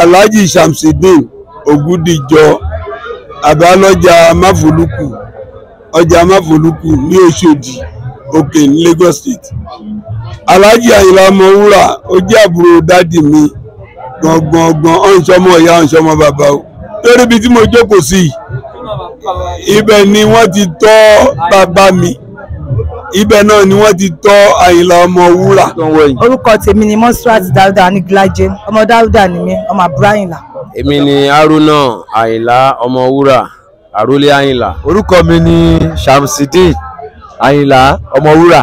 alhaji shamsidin ogudijọ abalọjà máfòlùkù ọjà máfòlùkù ní ọ̀ṣọ́dì òkè ní lagos state alhaji àyìnlá ọmọwúrà ó jẹ́ àbúrò dádì mi gbọ̀ngbọ̀ngbọ̀n ọ̀nṣọ́mọ ìyá ọ̀nṣọ́mọ bàbá o lórí ibi tí mo jókòó sí ibẹ̀ ni wọ́n ti tọ́ bàbá mi ibẹ̀ náà ni wọ́n ti tọ́ àyìnlá ọmọ wúrà. orúkọ tèmi ni monstrat dáúdà ní glaje ọmọ dáúdà ni mí ọmọ àbúrò àyìnlá. èmi ni haruna àyìnlá ọmọ wúrà àrólé àyìnlá. orúkọ mi ni shamsideen àyìnlá ọmọ wúrà.